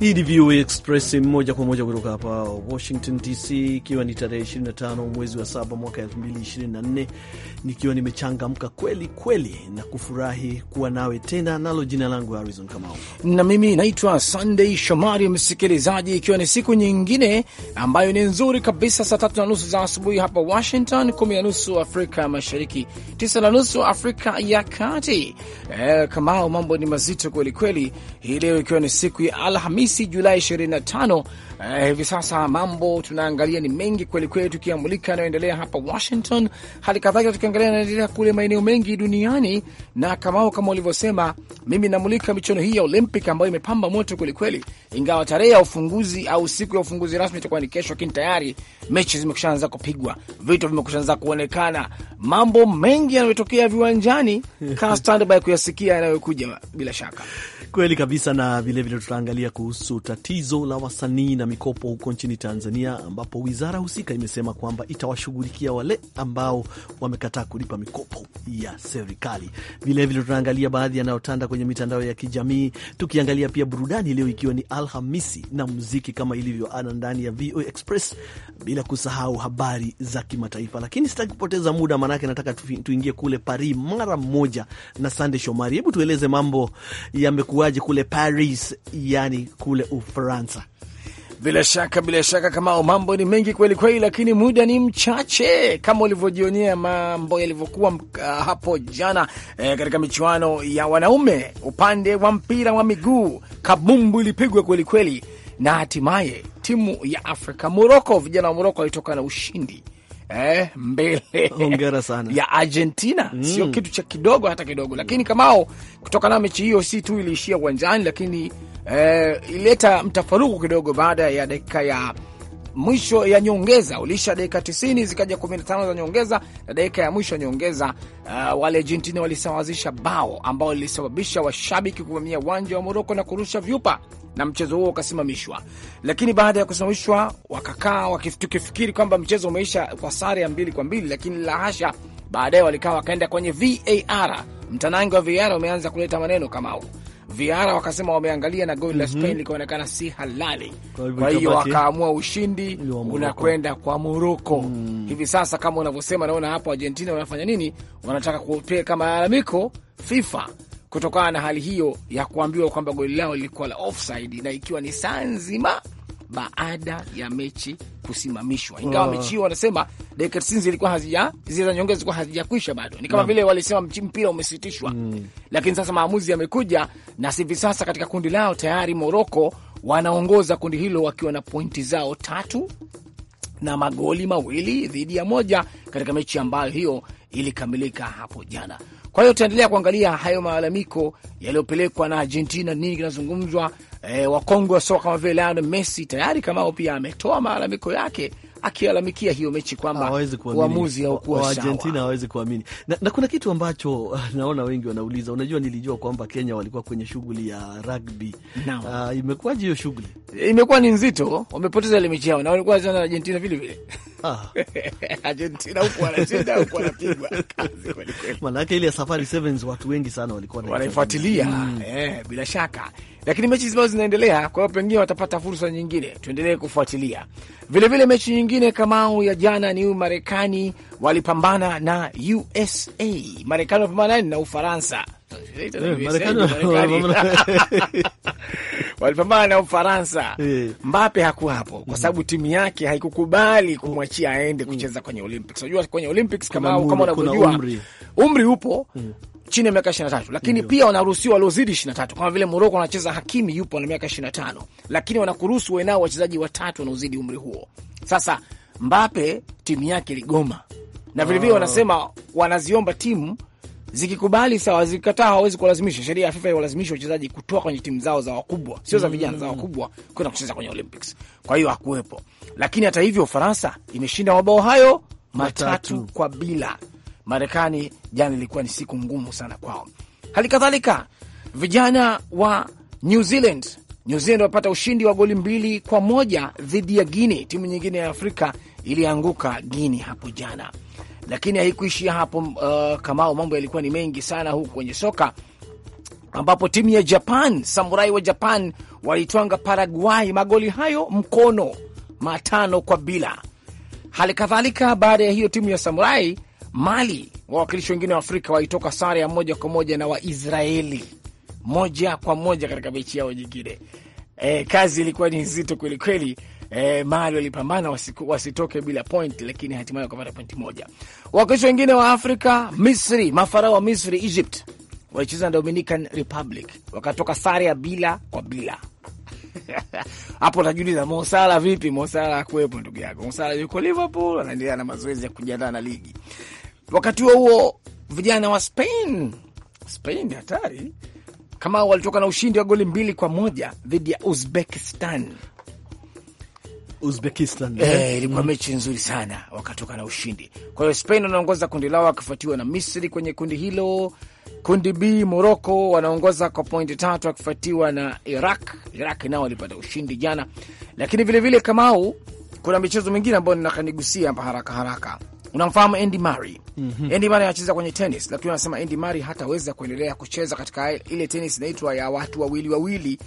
Hii ni VOA Express moja kwa moja kutoka hapa Washington DC, ikiwa ni tarehe 25 mwezi wa saba mwaka 2024, nikiwa nimechangamka kweli kweli na kufurahi kuwa nawe tena, nalo jina langu Harrison Kamau, na mimi naitwa Sunday Shomari msikilizaji, ikiwa ni siku nyingine ambayo ni nzuri kabisa, saa tatu na nusu za asubuhi hapa Washington, kumi na nusu Afrika Mashariki, tisa na nusu Afrika ya Kati. E, Kamau, mambo ni mazito kwelikweli hii leo, ikiwa ni siku ya Alhamisi Alhamisi Julai 25. Eh, hivi uh, sasa mambo tunaangalia ni mengi kweli kweli, tukiamulika yanayoendelea hapa Washington, hali kadhalika tukiangalia yanaendelea kule maeneo mengi duniani. Na kamao kama ulivyosema, mimi namulika michuano hii ya Olympic ambayo imepamba moto kweli kweli, ingawa tarehe ya ufunguzi au siku ya ufunguzi rasmi itakuwa ni kesho, lakini tayari mechi zimekushaanza kupigwa, vitu vimekushaanza kuonekana, mambo mengi yanayotokea viwanjani. Kaa standby kuyasikia yanayokuja, bila shaka kweli kabisa, na vilevile tutaangalia kuhusu kuhusu tatizo la wasanii na mikopo huko nchini Tanzania, ambapo wizara husika imesema kwamba itawashughulikia wale ambao wamekataa kulipa mikopo ya serikali. Vilevile tunaangalia baadhi yanayotanda kwenye mitandao ya kijamii, tukiangalia pia burudani leo, ikiwa ni Alhamisi na muziki kama ilivyo ana ndani ya VOA Express, bila kusahau habari za kimataifa. Lakini sitaki kupoteza muda, maanake nataka tuingie kule Paris mara moja na Sande Shomari. Hebu tueleze mambo yamekuwaje kule Paris, yani kule Ufaransa. Bila shaka bila shaka, kama mambo ni mengi kweli kweli, lakini muda ni mchache, kama ulivyojionea mambo yalivyokuwa uh, hapo jana e, katika michuano ya wanaume upande wa mpira wa miguu, kabumbu ilipigwa kweli kweli, na hatimaye timu ya Afrika Moroko, vijana wa Moroko walitoka na ushindi eh, mbele hongera sana ya Argentina mm. Sio kitu cha kidogo hata kidogo, lakini kamao kutokana na mechi hiyo si tu iliishia uwanjani, lakini eh, ileta mtafaruku kidogo baada ya dakika ya mwisho ya nyongeza ulisha dakika 90 zikaja 15 za nyongeza, na dakika ya mwisho ya nyongeza uh, wale Argentina walisawazisha bao ambao lilisababisha washabiki kuvamia uwanja wa Moroko na kurusha vyupa na mchezo huo ukasimamishwa. Lakini baada ya kusimamishwa, wakakaa tukifikiri kwamba mchezo umeisha kwa sare ya mbili kwa mbili, lakini hasha, Baadaye walikaa wakaenda kwenye VAR. Mtanangi wa VAR umeanza kuleta maneno kama huu Viara wakasema wameangalia na goli la mm -hmm. Spain likaonekana si halali, kwa hiyo wakaamua ushindi unakwenda kwa Moroko mm. Hivi sasa kama unavyosema, naona hapo Argentina wanafanya nini? Wanataka kupeleka malalamiko FIFA kutokana na hali hiyo ya kuambiwa kwamba goli lao lilikuwa la offside, na ikiwa ni saa nzima baada ya mechi kusimamishwa, ingawa oh, mechi hiyo wanasema dakika tisini zilikuwa hazija zile za nyongeza zilikuwa hazijakwisha bado, ni kama ah. vile walisema mpira umesitishwa mm. Lakini sasa maamuzi yamekuja, na hivi sasa katika kundi lao tayari Moroko wanaongoza kundi hilo wakiwa na pointi zao tatu na magoli mawili dhidi ya moja katika mechi ambayo hiyo ilikamilika hapo jana. Kwa hiyo tutaendelea kuangalia hayo malalamiko yaliyopelekwa na Argentina, nini kinazungumzwa e, wakongwe wa soka kama vile Lionel Messi tayari kamao pia ametoa malalamiko yake akilalamikia hiyo mechi kwamba uamuzi haukuwa sawa. Argentina hawezi kuamini na, na kuna kitu ambacho ah, naona wengi wanauliza. Unajua, nilijua kwamba Kenya walikuwa kwenye shughuli ya rugby Uh, imekuwaje hiyo shughuli? Imekuwa ni nzito, wamepoteza ile mechi yao na walikuwa wanacheza na Argentina vile vile ah. Argentina huko wanacheza huko wanapigwa kazi kweli kweli, maana ile ya safari sevens watu wengi sana walikuwa wanaifuatilia mm. Eh, bila shaka lakini mechi zimao zinaendelea, kwa hiyo pengine watapata fursa nyingine, tuendelee kufuatilia vilevile. Vile mechi nyingine kamao ya jana ni Marekani walipambana na USA. Marekani walipambana nani? Na Ufaransa. walipambana na Ufaransa. Eh, eh. Mbape hakuwa hapo kwa mm. sababu timu yake haikukubali kumwachia aende kucheza kwenye Olympics. Unajua kwenye Olympics kama unavyojua umri upo mm chini ya miaka 23 lakini Ndiyo. pia wanaruhusiwa waliozidi 23 kama vile Moroko anacheza Hakimi yupo na miaka 25 lakini wanakuruhusu nao wachezaji watatu wanaozidi umri huo. Sasa Mbape timu yake iligoma na vilevile oh. Ah. wanasema wanaziomba timu zikikubali sawa, zikikataa hawawezi kuwalazimisha. Sheria ya FIFA iwalazimisha wachezaji kutoa kwenye timu zao za wakubwa, sio za vijana, za mm. wakubwa kwenda kucheza kwenye Olympics. Kwa hiyo hakuwepo, lakini hata hivyo Ufaransa imeshinda mabao hayo matatu, matatu kwa bila Marekani jana ilikuwa ni siku ngumu sana kwao. Hali kadhalika vijana wa New Zealand, New Zealand wamepata ushindi wa goli mbili kwa moja dhidi ya Guinea, timu nyingine ya Afrika ilianguka Guinea hapo jana, lakini haikuishia hapo. Uh, kamao mambo yalikuwa ni mengi sana huku kwenye soka ambapo timu ya Japan, samurai wa Japan walitwanga Paraguay magoli hayo mkono matano kwa bila. Hali kadhalika baada ya hiyo timu ya samurai Mali wawakilishi wengine wa Afrika waitoka sare ya moja kwa moja na Waisraeli moja kwa moja katika mechi yao nyingine. E, kazi ilikuwa ni nzito kwelikweli. E, Mali walipambana wasitoke bila point, lakini hatimaye wakapata point moja. Wawakilishi wengine wa Afrika, Misri, mafarao wa Misri, Egypt walicheza na Dominican Republic wakatoka sare ya bila kwa bila. Hapo utajiuliza Mosala vipi? Mosala akuwepo ndugu yako, Mosala yuko Liverpool anaendelea na mazoezi ya kujiandaa na ligi Wakati huo huo, vijana wa Spain, Spain hatari kama walitoka na ushindi wa goli mbili kwa moja dhidi ya Uzbekistan. Uzbekistan eh, eh? mm, mechi nzuri sana, wakatoka na ushindi. Kwa hiyo Spain wanaongoza kundi lao wakifuatiwa na Misri kwenye kundi hilo. Kundi B, Moroko wanaongoza kwa pointi tatu wakifuatiwa na Iraq. Iraq nao walipata ushindi jana, lakini vilevile vile Kamau, kuna michezo mingine ambayo ninakanigusia hapa haraka haraka Unamfahamu Andy Murray? mm -hmm. Andy Murray anacheza kwenye tenis, lakini anasema Andy Murray hataweza kuendelea kucheza katika ile tenis inaitwa ya watu wawili wawili,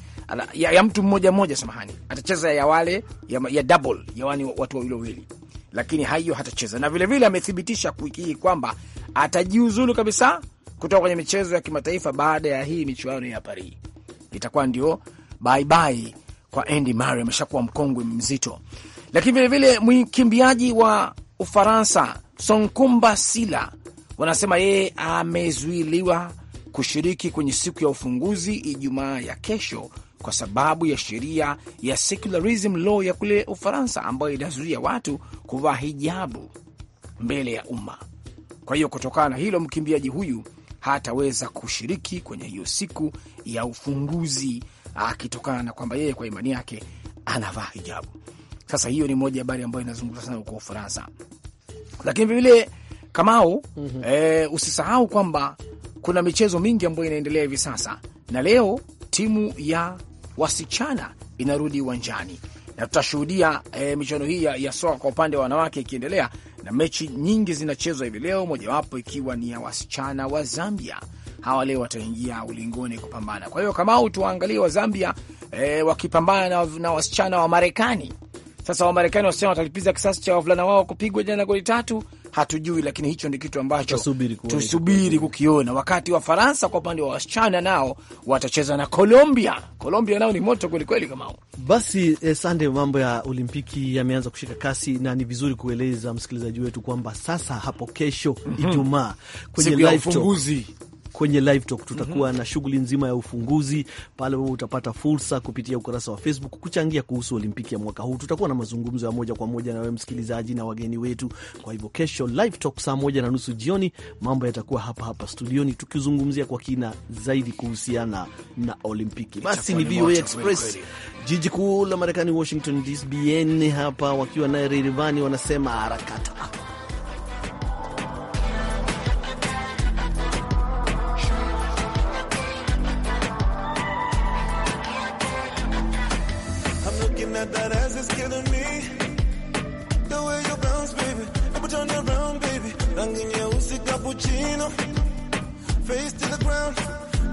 ya, ya mtu mmoja mmoja, samahani. Atacheza ya wale ya, ya double, ya watu wawili wawili, lakini haiyo hatacheza. Na vilevile amethibitisha wiki hii kwamba atajiuzulu kabisa kutoka kwenye michezo ya kimataifa baada ya hii michuano ya Paris. Itakuwa ndio bye bye kwa Andy Murray, ameshakuwa mkongwe mzito. Lakini vilevile mkimbiaji wa Ufaransa, Sonkumba Sila wanasema yeye amezuiliwa kushiriki kwenye siku ya ufunguzi Ijumaa ya kesho kwa sababu ya sheria ya secularism law ya kule Ufaransa ambayo inazuia watu kuvaa hijabu mbele ya umma. Kwa hiyo kutokana na hilo, mkimbiaji huyu hataweza kushiriki kwenye hiyo siku ya ufunguzi, akitokana na kwamba yeye kwa imani yake anavaa hijabu. Sasa hiyo ni moja habari ambayo inazungumza sana huko Ufaransa, lakini vilevile Kamau, mm -hmm. E, usisahau kwamba kuna michezo mingi ambayo inaendelea hivi sasa, na leo timu ya wasichana inarudi uwanjani na tutashuhudia e, michuano hii ya soka kwa upande wa wanawake ikiendelea, na mechi nyingi zinachezwa hivi leo, mojawapo ikiwa ni ya wasichana wa Zambia. Hawa leo wataingia ulingoni kupambana. Kwa hiyo Kamau, tuwaangalie wa Zambia e, wakipambana na, na wasichana wa Marekani sasa Wamarekani wasichana watalipiza kisasi cha wavulana wao kupigwa jana goli tatu, hatujui, lakini hicho ni kitu ambacho tusubiri kukiona. Wakati wa Faransa kwa upande wa wasichana nao watacheza na Colombia. Colombia nao ni moto kwelikweli. Kamao basi, eh, sande. Mambo ya Olimpiki yameanza kushika kasi na ni vizuri kueleza msikilizaji wetu kwamba sasa hapo kesho, mhm. Ijumaa kwenye live talk kwenye live talk tutakuwa mm -hmm. na shughuli nzima ya ufunguzi pale, wewe utapata fursa kupitia ukurasa wa Facebook kuchangia kuhusu Olimpiki ya mwaka huu. Tutakuwa na mazungumzo ya moja kwa moja na wewe msikilizaji na wageni wetu. Kwa hivyo kesho live talk saa moja na nusu jioni, mambo yatakuwa hapa hapa studioni tukizungumzia kwa kina zaidi kuhusiana na Olimpiki. Basi ni VOA Express, jiji kuu la Marekani, Washington DCBN hapa wakiwa naye Rerivani wanasema harakata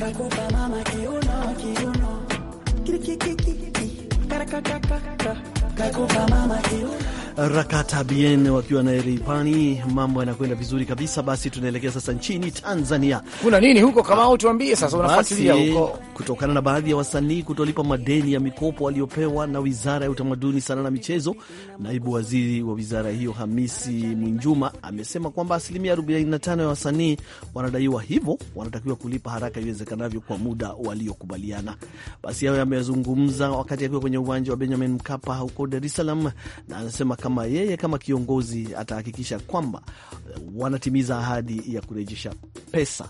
kakupa mama kiuno kiuno rakata bien wakiwa na eripani, mambo yanakwenda vizuri kabisa. Basi tunaelekea sasa nchini Tanzania. Kuna nini huko? Kama au tuambie sasa, unafuatilia huko kutokana na baadhi ya wasanii kutolipa madeni ya mikopo aliyopewa na Wizara ya Utamaduni, Sanaa na Michezo. Naibu waziri wa wizara hiyo Hamisi Mwinjuma amesema kwamba asilimia 45 ya wasanii wanadaiwa, hivyo wanatakiwa kulipa haraka iwezekanavyo kwa muda waliokubaliana. Basi hayo ameyazungumza wakati akiwa kwenye uwanja wa Benjamin Mkapa huko Dar es Salaam, na anasema kama yeye kama kiongozi atahakikisha kwamba wanatimiza ahadi ya kurejesha pesa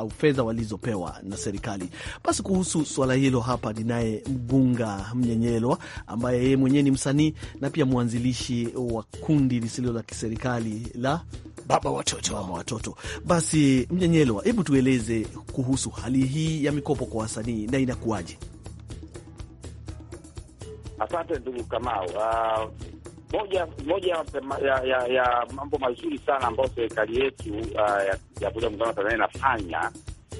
au fedha walizopewa na serikali. Basi kuhusu swala hilo hapa ninaye Mgunga Mnyenyelwa ambaye yeye mwenyewe ni msanii na pia mwanzilishi wa kundi lisilo la kiserikali la Baba Watoto. Baba Watoto. Basi Mnyenyelwa, hebu tueleze kuhusu hali hii ya mikopo kwa wasanii na inakuwaje? Asante ndugu Kamau. Uh, moja moja ya, ya, ya mambo mazuri sana ambayo serikali yetu uh, ya Jamhuri ya Muungano wa Tanzania inafanya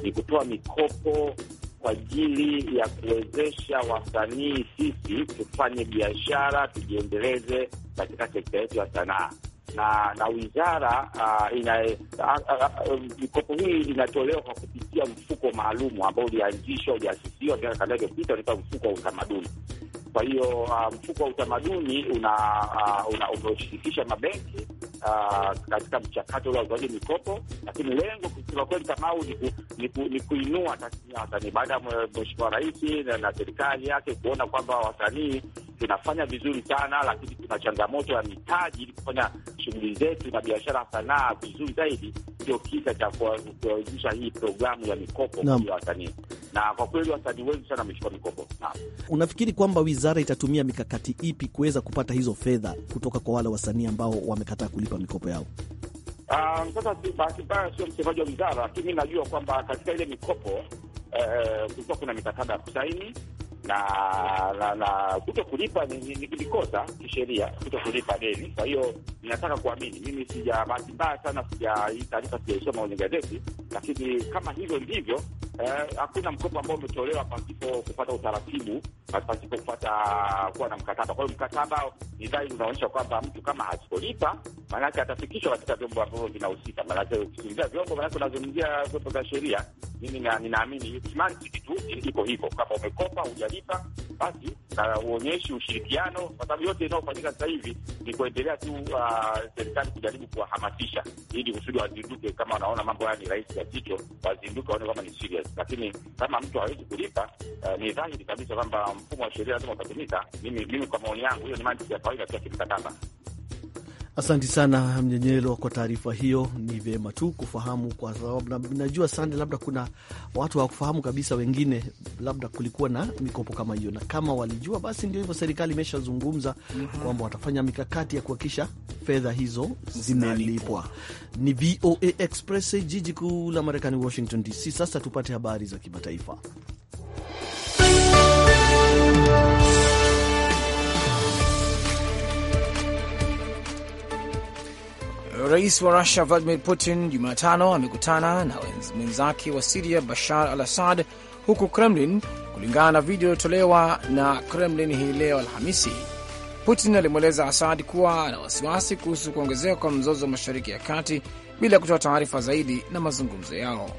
ni kutoa mikopo kwa ajili ya kuwezesha wasanii sisi tufanye biashara, tujiendeleze katika sekta yetu ya sanaa na na wizara uh, ina mikopo uh, uh, um, hii inatolewa kwa kupitia mfuko maalum ambao ulianzishwa uliasisiwa miaka kadhaa iliyopita, unaitwa mfuko wa utamaduni. Kwa hiyo uh, mfuko wa utamaduni una, uh, una umeshirikisha mabenki uh, katika mchakato wa utoaji mikopo, lakini lengo kusema kweli, au ni kuinua tasnia ya wasanii baada ya mheshimiwa rais na serikali yake kuona kwamba wasanii tunafanya vizuri sana, lakini tuna changamoto ya mitaji ili kufanya shughuli zetu na biashara sanaa vizuri zaidi. Ndio kisa cha kuanzisha hii programu ya mikopo ya wasanii, na kwa kweli wasanii wengi sana wamechukua mikopo. unafikiri kwamba wizara itatumia mikakati ipi kuweza kupata hizo fedha kutoka kwa wale wasanii ambao wamekataa kulipa mikopo yao? Um, sasa bahati mbaya sio msemaji wa wizara, lakini najua kwamba katika ile mikopo eh, eh kulikuwa kuna mikataba ya kusaini na na, na kuto kulipa ni ni kisheria, kuto kulipa deni. Kwa hiyo ninataka kuamini mimi, sija bahati mbaya sana, sija hii taarifa sijaisoma kwenye gazeti lakini kama hivyo ndivyo eh, hakuna eh, mkopo ambao umetolewa pasipo kupata utaratibu, pasipo kupata kuwa na mkataba. Kwa hiyo mkataba ni dhahiri unaonyesha kwamba mtu kama asipolipa, maanake atafikishwa katika vyombo ambavyo vinahusika. Maanake ukizungumzia vyombo, maanake unazungumzia vyombo vya sheria. Mimi ninaamini mantiki tu iko hivyo, kama umekopa hujalipa, basi na uonyeshi ushirikiano, kwa sababu yote inayofanyika sasa hivi ni kuendelea tu ah, serikali kujaribu kuwahamasisha ili kusudi wazinduke, kama wanaona mambo haya ni rahisi jicho wazinduke, waone kama ni serious. Lakini kama mtu hawezi kulipa, uh, ni dhahiri kabisa kwamba mfumo wa sheria lazima utatumika. Mimi mimi kwa maoni yangu, hiyo ni mantiki ya kawaida ya kimkataba asanti sana Mnyenyelo kwa taarifa hiyo. Ni vyema tu kufahamu, kwa sababu najua Sande, labda kuna watu hawakufahamu kabisa, wengine labda kulikuwa na mikopo kama hiyo, na kama walijua basi ndio hivyo, serikali imeshazungumza mhm. kwamba watafanya mikakati ya kuhakikisha fedha hizo zimelipwa. Ni VOA Express, jiji kuu la Marekani, Washington DC. Sasa tupate habari za kimataifa. Rais wa Rusia Vladimir Putin Jumatano amekutana na mwenzake wa Siria Bashar al Assad huku Kremlin, kulingana na video iliyotolewa na Kremlin hii leo Alhamisi. Putin alimweleza Asad kuwa ana wasiwasi kuhusu kuongezeka kwa mzozo wa mashariki ya kati bila kutoa taarifa zaidi na mazungumzo yao.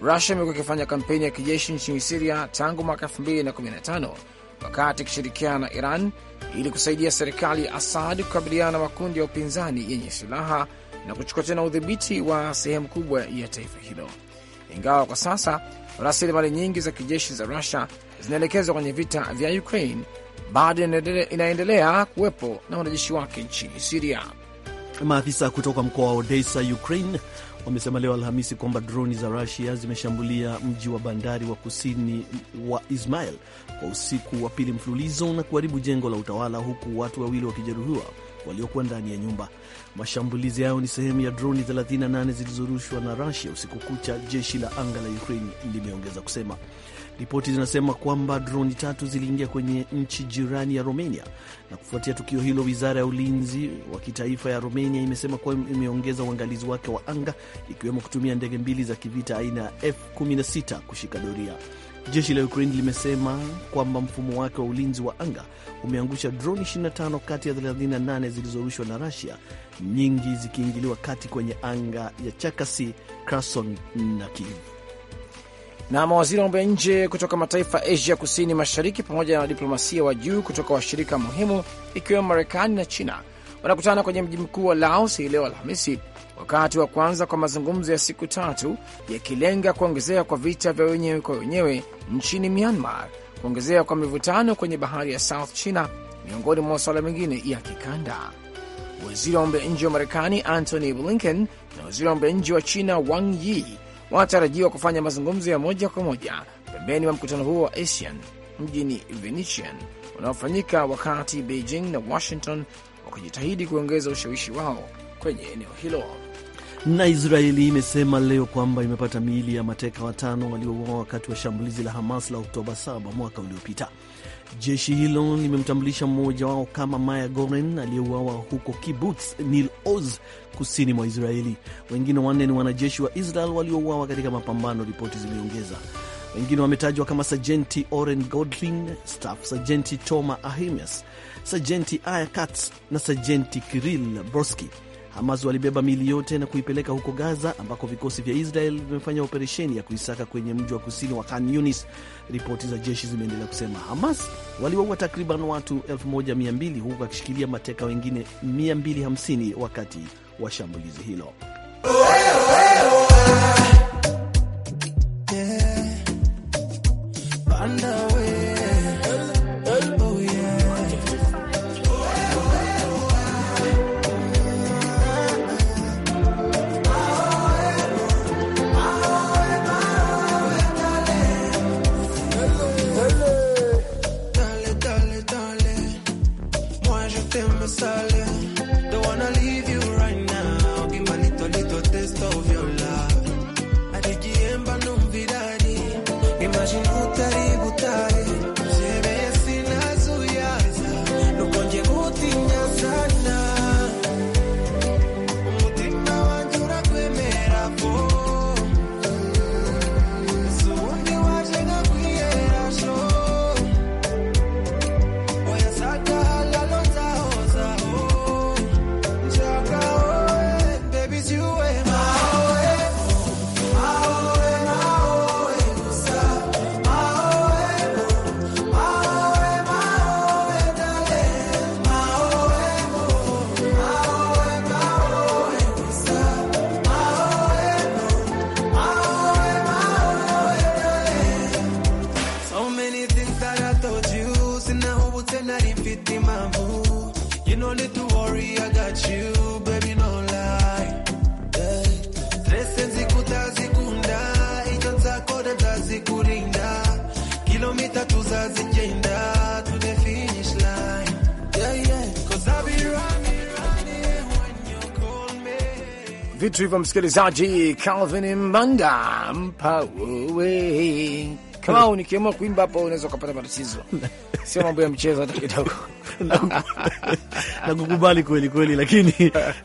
Rusia imekuwa ikifanya kampeni ya kijeshi nchini Siria tangu mwaka 2015 wakati ikishirikiana na Iran ili kusaidia serikali ya Assad kukabiliana na makundi ya upinzani yenye silaha na kuchukua tena udhibiti wa sehemu kubwa ya taifa hilo, ingawa kwa sasa rasilimali nyingi za kijeshi za Rusia zinaelekezwa kwenye vita vya Ukraine, bado inaendelea kuwepo na wanajeshi wake nchini Siria. Maafisa kutoka mkoa wa Odessa, Ukraine wamesema leo Alhamisi kwamba droni za Rusia zimeshambulia mji wa bandari wa kusini wa Ismail kwa usiku wa pili mfululizo na kuharibu jengo la utawala, huku watu wawili wakijeruhiwa waliokuwa ndani ya nyumba. Mashambulizi hayo ni sehemu ya droni 38 zilizorushwa na Rusia usiku kucha, jeshi la anga la Ukraine limeongeza kusema. Ripoti zinasema kwamba droni tatu ziliingia kwenye nchi jirani ya Romania, na kufuatia tukio hilo, wizara ya ulinzi wa kitaifa ya Romania imesema kuwa imeongeza uangalizi wake wa anga, ikiwemo kutumia ndege mbili za kivita aina ya F16 kushika doria. Jeshi la Ukraine limesema kwamba mfumo wake wa ulinzi wa anga umeangusha droni 25 kati ya 38 zilizorushwa na rasia nyingi zikiingiliwa kati kwenye anga ya Chakasi, Kherson na Kiev na mawaziri wa mambo ya nje kutoka mataifa Asia kusini mashariki pamoja na wadiplomasia wa juu kutoka washirika muhimu ikiwemo Marekani na China wanakutana kwenye mji mkuu wa Laos hii leo Alhamisi, wakati wa kwanza kwa mazungumzo ya siku tatu yakilenga kuongezeka kwa vita vya wenyewe kwa wenyewe nchini Myanmar, kuongezeka kwa mivutano kwenye bahari ya South China, miongoni mwa masuala mengine ya kikanda. Waziri wa mambo ya nje wa Marekani Antony Blinken na waziri wa mambo ya nje wa China Wang Yi wanatarajiwa kufanya mazungumzo ya moja kwa moja pembeni mwa mkutano huo wa ASEAN mjini Venetian unaofanyika wakati Beijing na Washington wakijitahidi kuongeza ushawishi wao kwenye eneo hilo. Na Israeli imesema leo kwamba imepata miili ya mateka watano waliouawa wakati wa shambulizi la Hamas la Oktoba 7 mwaka uliopita. Jeshi hilo limemtambulisha mmoja wao kama Maya Goren aliyeuawa huko kibuts nil Oz kusini mwa Israeli. Wengine wanne ni wanajeshi wa Israel waliouawa katika mapambano, ripoti zimeongeza. Wengine wametajwa kama Sajenti Oren Godlin, Staff Sajenti Toma Ahimes, Sajenti Aya na Sajenti Kiril Broski. Hamas walibeba mili yote na kuipeleka huko Gaza ambako vikosi vya Israel vimefanya operesheni ya kuisaka kwenye mji wa kusini wa Khan Yunis. Ripoti za jeshi zimeendelea kusema Hamas waliwaua takriban watu 1200 huku akishikilia mateka wengine 250 wakati wa shambulizi hilo. kuhusu hivyo, msikilizaji. Calvin Mbanda mpa wewe kama nikiamua kuimba hapo unaweza ukapata matatizo, sio mambo ya mchezo hata kidogo. Nakukubali kweli kweli, lakini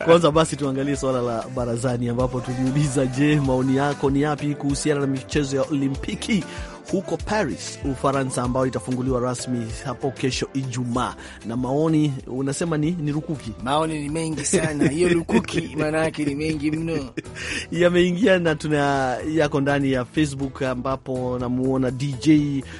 kwanza basi tuangalie swala la barazani, ambapo tuliuliza, je, maoni yako ni yapi kuhusiana na michezo ya Olimpiki huko Paris, Ufaransa, ambayo itafunguliwa rasmi hapo kesho Ijumaa. Na maoni unasema ni, ni rukuki. Maoni ni mengi sana hiyo rukuki, maana yake ni mengi mno yameingia, na tuna yako ndani ya Facebook ambapo namuona DJ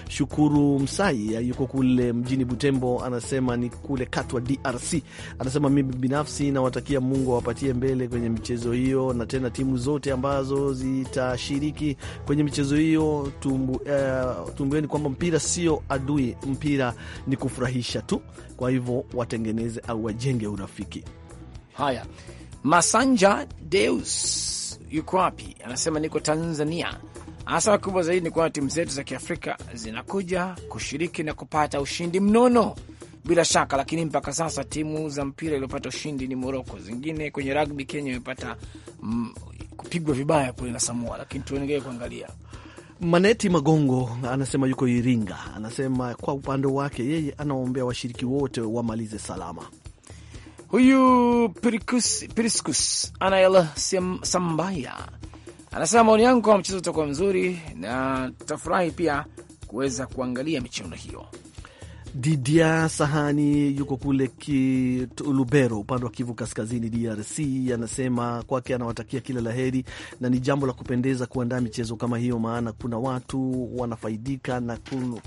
Shukuru Msai yuko kule mjini Butembo, anasema ni kule Katwa, DRC. Anasema mimi binafsi nawatakia Mungu awapatie mbele kwenye michezo hiyo, na tena timu zote ambazo zitashiriki kwenye michezo hiyo tumbu eh, uh, tumbeni kwamba mpira sio adui, mpira ni kufurahisha tu. Kwa hivyo watengeneze au wajenge urafiki. Haya, Masanja Deus yuko wapi? Anasema niko Tanzania. anasema kubwa zaidi ni kwamba timu zetu za Kiafrika zinakuja kushiriki na kupata ushindi mnono bila shaka, lakini mpaka sasa timu za mpira iliyopata ushindi ni Moroko. Zingine kwenye rugby, Kenya imepata mm, kupigwa vibaya kule na Samoa, lakini tuendelee kuangalia. Maneti Magongo anasema yuko Iringa, anasema kwa upande wake yeye anawaombea washiriki wote wamalize salama. Huyu piriscus Piricus Anael Sambaya anasema maoni yangu kwa mchezo utakuwa mzuri na tutafurahi pia kuweza kuangalia michuano hiyo. Didia Sahani yuko kule kilubero upande wa Kivu Kaskazini, DRC. Anasema kwake anawatakia kila la heri, na ni jambo la kupendeza kuandaa michezo kama hiyo, maana kuna watu wanafaidika na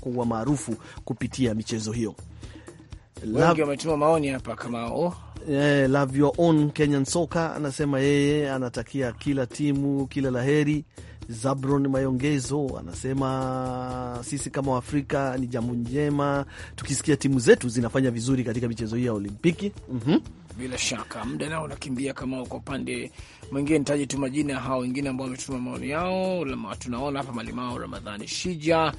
kuwa maarufu kupitia michezo hiyo. Wengi wametuma maoni hapa kama o Yeah, love your own Kenyan soka anasema yeye anatakia kila timu kila laheri Zabron Mayongezo anasema sisi kama Waafrika ni jambo njema tukisikia timu zetu zinafanya vizuri katika michezo hii ya Olimpiki. mm -hmm. Bila shaka mda nao unakimbia. Kama kwa upande mwingine, nitaje tu majina hao wengine ambao wametuma maoni yao. Tunaona hapa Malimao Ramadhani Shija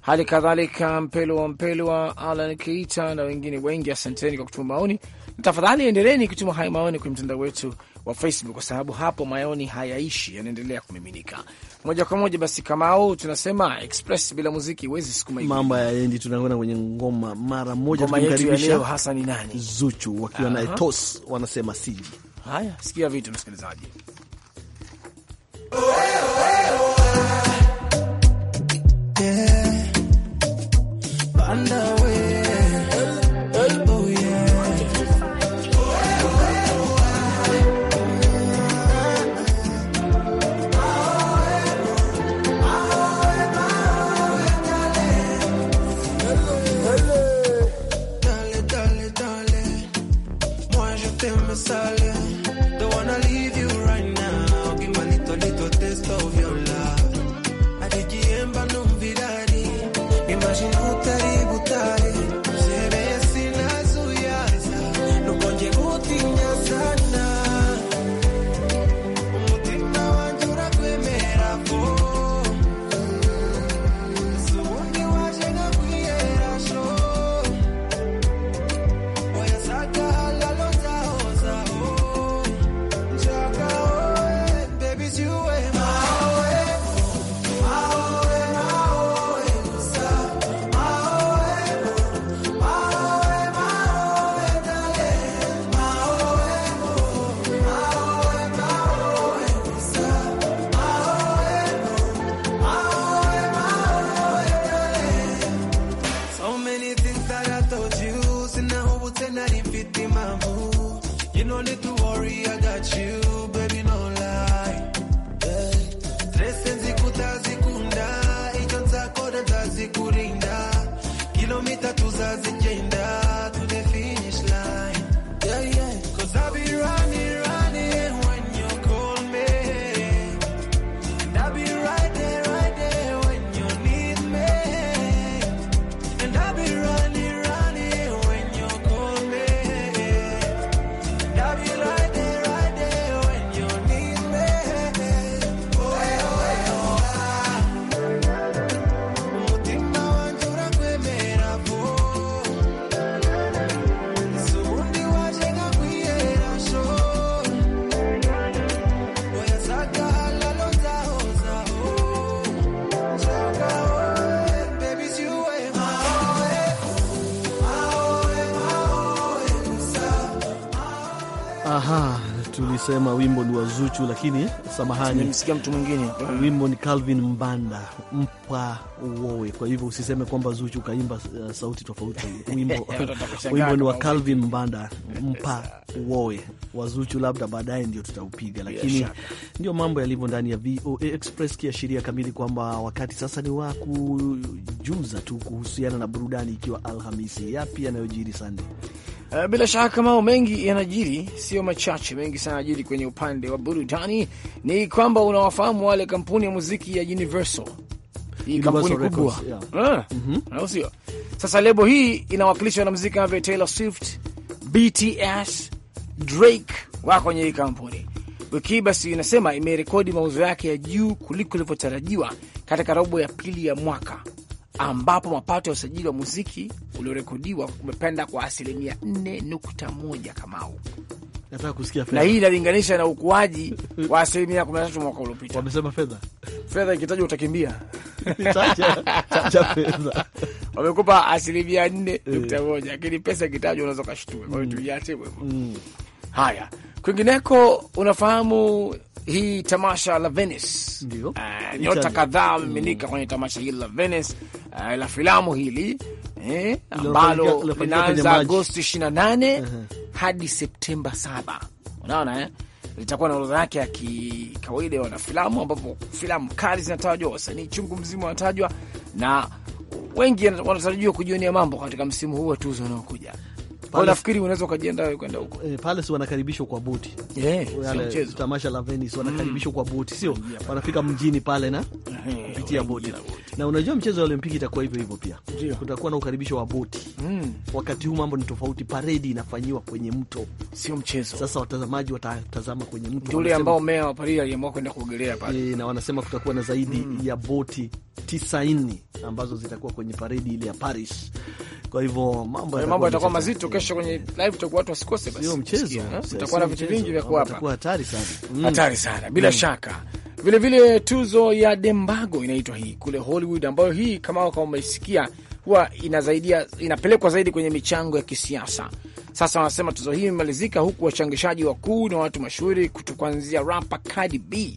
hali kadhalika Mpelwa Mpelwa, Alan Keita na wengine wengi, asanteni kwa kutuma maoni. Tafadhali endeleni kutuma haya maoni kwenye mtandao wetu wa Facebook kwa sababu hapo maoni hayaishi, yanaendelea kumiminika moja kwa moja. Basi Kamau, tunasema express bila muziki huwezi sukuma mambo yaendi. Tunaona kwenye ngoma mara moja, tumkaribisha hasa ni nani? Zuchu wakiwa na Etos wanasema siji. Haya, sikia vitu msikilizaji. Oh, oh, oh. hey, hey, under amesema wimbo ni wazuchu, lakini samahani, mtu mwingine wimbo ni Calvin Mbanda mpa uowe. Kwa hivyo usiseme kwamba Zuchu kaimba uh, sauti tofauti wimbo wimbo ni wa Calvin Mbanda mpa uowe wa Zuchu, labda baadaye ndio tutaupiga, lakini ndio mambo yalivyo ndani ya VOA Express, kiashiria kamili kwamba wakati sasa ni wa kujuza tu kuhusiana na burudani, ikiwa Alhamisi yapi yanayojiri Sunday Eh, bila shaka kamao, mengi yanajiri, sio machache, mengi sana yanajiri kwenye upande wa burudani. Ni kwamba unawafahamu wale kampuni ya muziki ya Universal, hii kampuni kubwa, mm -hmm. Sasa lebo hii inawakilisha muziki kama vile Taylor Swift, BTS, Drake wako kwenye hii kampuni. Wiki hii basi inasema imerekodi mauzo yake ya juu kuliko ilivyotarajiwa katika robo ya pili ya mwaka ambapo mapato ya usajili wa muziki uliorekodiwa umependa kwa asilimia 4.1 Kamau. Na hii inalinganisha na ukuaji wa asilimia 13 mwaka uliopita. Wamesema fedha fedha ikitajwa utakimbia. Wamekupa asilimia 4.1, eh. lakini pesa ikitajwa unaweza ukashtue. Kwa hiyo mm. tuiache mm. Haya, kwingineko, unafahamu hii tamasha la Venice, ndio eh, nyota kadhaa wameminika mm. kwenye tamasha hili la Venice uh, la filamu hili eh, ambalo linaanza Agosti 28 uh -huh. hadi Septemba 7. Unaona eh? litakuwa na orodha yake ya kikawaida ya wanafilamu, ambapo filamu kali zinatajwa, wasanii chungu mzima wanatajwa, na wengi wanatarajiwa kujionea mambo katika msimu huu wa tuzo unaokuja. Kwa nafikiri unaweza ukajienda wewe kwenda huko. Eh, Palace wanakaribishwa kwa boti. Eh, yeah, tamasha la Venice wanakaribishwa mm, kwa boti, sio? Yeah, wanafika mjini pale na kupitia boti. Na unajua mchezo wa Olimpiki itakuwa hivyo hivyo pia, kutakuwa na ukaribisho wa boti mm. Wakati huu mambo ni tofauti, paredi inafanyiwa kwenye mto, sio mchezo. Sasa watazamaji watatazama kwenye mto yule ambao meya wa Paris aliamua kwenda kuogelea pale, eh, na wanasema kutakuwa na zaidi mm. ya boti tisaini ambazo zitakuwa kwenye paredi ile ya Paris. Kwa hivyo mambo eh, yatakuwa mazito kesho kwenye live, tutakuwa watu wasikose basi. Sio mchezo, eh? tutakuwa na vitu vingi vya kuapa, hatari sana, hatari sana bila mm. shaka. Vilevile tuzo ya Dembago inaitwa hii kule Hollywood, ambayo hii kama kama umesikia huwa inazaidia inapelekwa zaidi kwenye michango ya kisiasa. Sasa wanasema tuzo hii imemalizika huku wachangishaji wakuu na watu mashuhuri kuanzia rapa Cardi B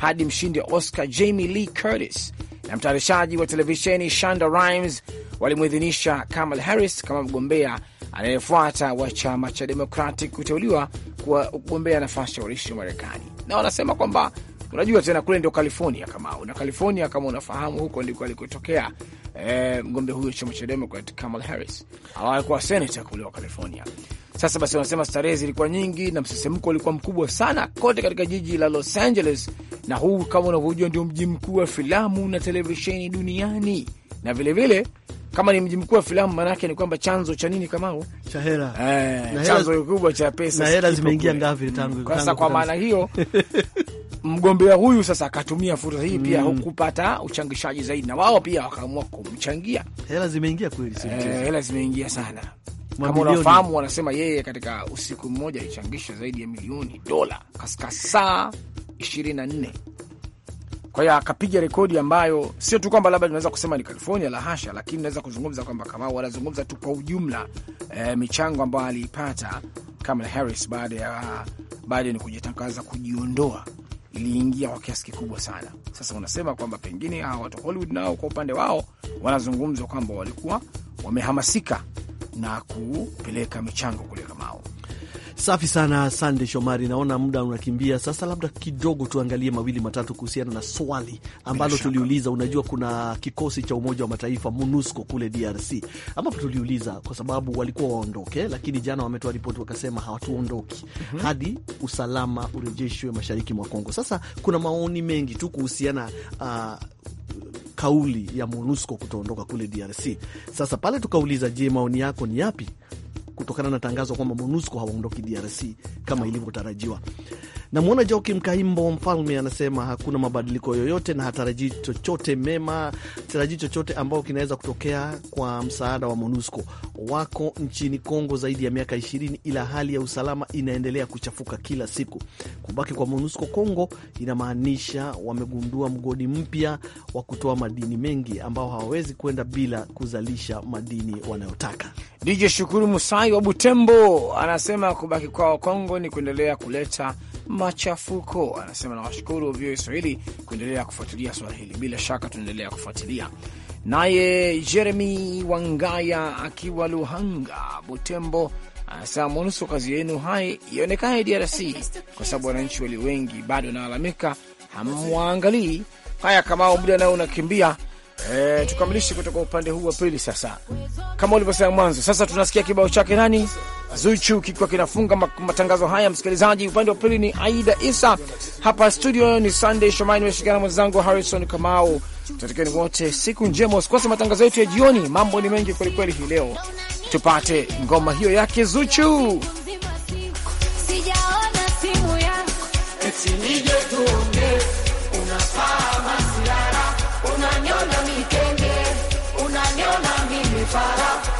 hadi mshindi wa Oscar Jamie Lee Curtis na mtayarishaji wa televisheni Shonda Rhimes walimwidhinisha Kamala Harris kama mgombea anayefuata wa chama cha Democratic kuteuliwa kuwa kugombea nafasi ya urais wa Marekani, na wanasema kwamba Unajua tena kule ndio California kama na California kama unafahamu, huko ndiko alikotokea eh, mgombea huyo chama cha Democrat Kamala Harris alikuwa senator kule wa California. Sasa basi, wanasema starehe zilikuwa nyingi na msisimko ulikuwa mkubwa sana kote katika jiji la Los Angeles, na huu kama unavyojua ndio mji mkuu wa filamu na televisheni duniani na vilevile vile, kama ni mji mkuu wa filamu, maanake ni kwamba chanzo cha nini Kamau? Cha hela eh, chanzo kikubwa cha pesa. Na hela zimeingia ngapi tangu? Sasa kwa maana hiyo mgombea huyu sasa akatumia fursa hii pia mm, hukupata uchangishaji zaidi, na wao pia wakaamua kumchangia. Hela zimeingia kweli, eh, hela zimeingia sana kama unafahamu, wanasema yeye katika usiku mmoja alichangisha zaidi ya milioni dola kaskasa 24 kwa hiyo akapiga rekodi ambayo sio tu kwamba labda tunaweza kusema ni California, la hasha, lakini naweza kuzungumza kwamba kama wanazungumza tu kwa ujumla e, michango ambayo aliipata Kamala Harris baada ya ni kujitangaza kujiondoa iliingia kwa kiasi kikubwa sana. Sasa unasema kwamba pengine hawa watu Hollywood nao kwa upande wao wanazungumzwa kwamba walikuwa wamehamasika na kupeleka michango kule kamao Safi sana, sande Shomari. Naona muda unakimbia sasa, labda kidogo tuangalie mawili matatu kuhusiana na swali ambalo tuliuliza. Unajua, kuna kikosi cha Umoja wa Mataifa MONUSCO kule DRC, ambapo tuliuliza kwa sababu walikuwa waondoke, lakini jana wametoa ripoti wakasema hawatuondoki mhm. hadi usalama urejeshwe mashariki mwa Kongo. Sasa kuna maoni mengi tu kuhusiana uh, kauli ya MONUSCO kutoondoka kule DRC. Sasa pale tukauliza, je, maoni yako ni yapi? kutokana na tangazo kwamba MONUSCO hawaondoki DRC kama ilivyotarajiwa. Namwona Joakim Kaimbo Mfalme anasema hakuna mabadiliko yoyote na hatarajii chochote mema, tarajii chochote ambao kinaweza kutokea kwa msaada wa MONUSCO. Wako nchini Kongo zaidi ya miaka ishirini, ila hali ya usalama inaendelea kuchafuka kila siku. Kubaki kwa MONUSCO Kongo inamaanisha wamegundua mgodi mpya wa kutoa madini mengi ambao hawawezi kwenda bila kuzalisha madini wanayotaka. DJ Shukuru Musai wa Butembo anasema kubaki kwao Kongo ni kuendelea kuleta machafuko. Anasema nawashukuru wa VOA Swahili kuendelea kufuatilia swala hili, bila shaka tunaendelea kufuatilia. Naye Jeremy Wangaya akiwa Luhanga, Butembo, anasema mwanusu kazi yenu hai ionekane DRC kwa sababu wananchi walio wengi bado wanalalamika, hamwangalii Haya, Kamao, muda nao unakimbia Eh, tukamilishe kutoka upande huu wa pili sasa. Kama ulivyosema mwanzo, sasa tunasikia kibao chake nani, Zuchu kikiwa kinafunga matangazo haya. Msikilizaji, upande wa pili ni Aida Isa, hapa studio ni Sunday Shomani, meshikana mwenzangu Harrison Kamau. Tutakieni wote siku njema, usikose matangazo yetu ya jioni. Mambo ni mengi kwelikweli hii leo, tupate ngoma hiyo yake Zuchu. para